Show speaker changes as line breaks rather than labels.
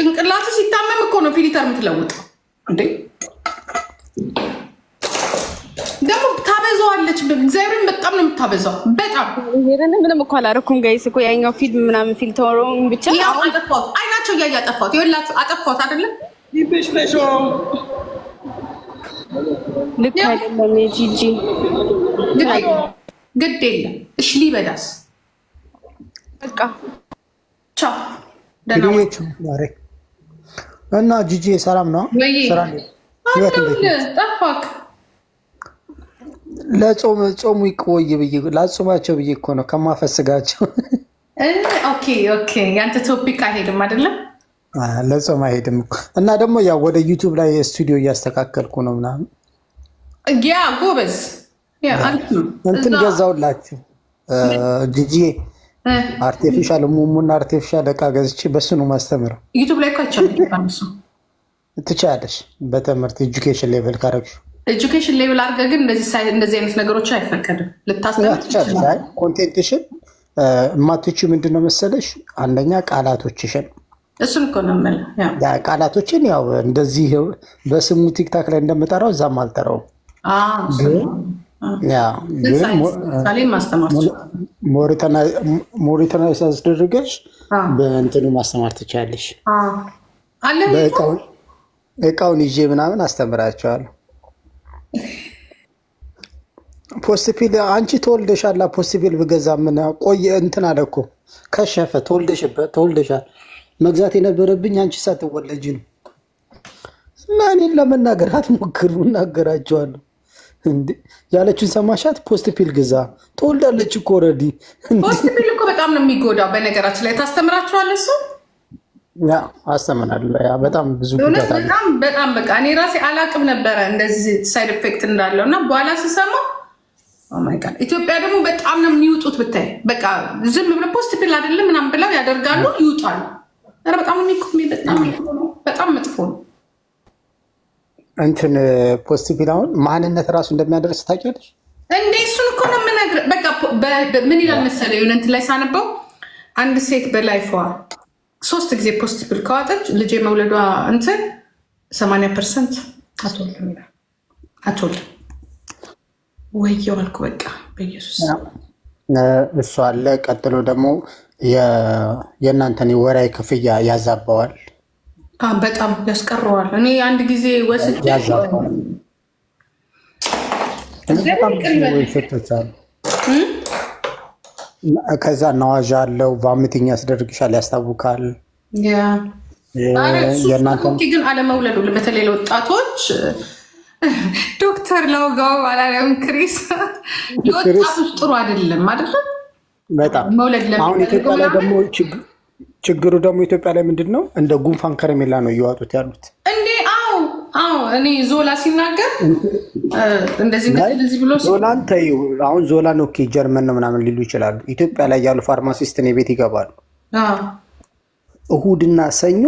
ጭንቅላት ሲታመም እኮ ነው ፊሊተር የምትለውጠው እንዴ። ደግሞ ታበዛዋለች። እግዚአብሔርን በጣም ነው የምታበዛው። በጣም
ምንም እኮ አላደረኩም። ጋይስ እኮ ያኛው ፊልም ምናምን ፊልተሮን ብቻ
አጠፋት፣ አይናቸው እያየ አጠፋት። ይኸውላችሁ አጠፋት አይደለም
ልክ አይደለም። የጂጂ
ግድ የለም እሽ ሊበዳስ በቃ ቻው
ደህና እና ጂጂ ሰላም ነው? ጠፋክ? ለጾም ጾሙ ይቆይ ብዬ ላጾማቸው ብዬ እኮ ነው ከማፈስጋቸው።
ኦኬ ኦኬ። ያንተ ቶፒክ አይሄድም አይደለም?
ለጾም አይሄድም እና ደግሞ ያው ወደ ዩቱብ ላይ ስቱዲዮ እያስተካከልኩ ነው ምናምን።
ያ ጎበዝ
እንትን ገዛውላችሁ ጂጂ አርቲፊሻል ሙሙና አርቲፊሻል እቃ ገዝቼ በሱ ነው ማስተምረው።
ዩቱብ ላይ እኮ አይቻልም።
ትችያለሽ፣ በትምህርት ኤጁኬሽን ሌቭል ካረግሽ
ኤጁኬሽን ሌቭል አድርገህ ግን እንደዚህ አይነት ነገሮች አይፈቀድም።
ልታስተምር ኮንቴንትሽን እማቶቹ ምንድን ነው መሰለሽ፣ አንደኛ ቃላቶችሽን
እሱን እኮ ነው የምልህ።
ቃላቶችን ያው እንደዚህ በስሙ ቲክታክ ላይ እንደምጠራው እዛም አልጠራውም ግን ሞሪተና ሳስደርገች በእንትኑ ማስተማር ትችላለሽ። እቃውን ይዤ ምናምን አስተምራቸዋለሁ። ፖስትፒል አንቺ ተወልደሻል። ፖስትፒል ብገዛ ምን ቆየ? እንትን አለ እኮ ከሸፈ። ተወልደሽበት ተወልደሻል። መግዛት የነበረብኝ አንቺ ሳትወለጅ ነው። እና እኔን ለመናገር አትሞክሩ፣ እናገራቸዋለሁ ያለችን ሰማሻት? ፖስት ፒል ግዛ። ትወልዳለች እኮ ረዲ።
ፖስት ፒል እኮ በጣም ነው የሚጎዳው። በነገራችን ላይ ታስተምራችኋል እሱ
አስተምናል። በጣም ብዙ
በጣም በጣም በቃ እኔ ራሴ አላቅም ነበረ እንደዚህ ሳይድ ኢፌክት እንዳለው እና በኋላ ስሰማ ኢትዮጵያ ደግሞ በጣም ነው የሚውጡት። ብታይ በቃ ዝም ብለ ፖስት ፒል አይደለም ምናምን ብለው ያደርጋሉ፣ ይውጣሉ። በጣም በጣም መጥፎ ነው።
እንትን ፖስቲቪል አሁን ማንነት ራሱ እንደሚያደርስ ታውቂያለሽ
እንዴ? እሱን እኮ ነው የምነግርህ። በቃ ምን ይላል መሰለህ የሆነ እንትን ላይ ሳነበው አንድ ሴት በላይፏ ሶስት ጊዜ ፖስቲቪል ከዋጠች ልጅ የመውለዷ እንትን ሰማንያ ፐርሰንት
አትወልድም ይላል።
አትወልድም ወየው አልኩ በቃ በኢየሱስ
እሱ አለ። ቀጥሎ ደግሞ የእናንተን የወራይ ክፍያ ያዛባዋል።
በጣም ያስቀረዋል። እኔ አንድ ጊዜ ወስጄ
ከዛ ነዋዣ አለው ቫሚቲንግ ያስደርግሻል፣ ያስታውካል።
ግን አለመውለዱ በተለይ ለወጣቶች ዶክተር ለውጋው ባላለም ክሪስ ለወጣቶች ጥሩ አይደለም አይደለም በጣም መውለድ ለምን
ደግሞ ችግሩ ደግሞ ኢትዮጵያ ላይ ምንድን ነው? እንደ ጉንፋን ከረሜላ ነው እየዋጡት ያሉት።
እንዴ! አዎ፣ አዎ። እኔ ዞላ ሲናገር እንደዚህ ብሎ
ዞላን አሁን ዞላን ኦኬ፣ ጀርመን ነው ምናምን ሊሉ ይችላሉ። ኢትዮጵያ ላይ ያሉ ፋርማሲስት ኔ ቤት ይገባሉ። እሁድና ሰኞ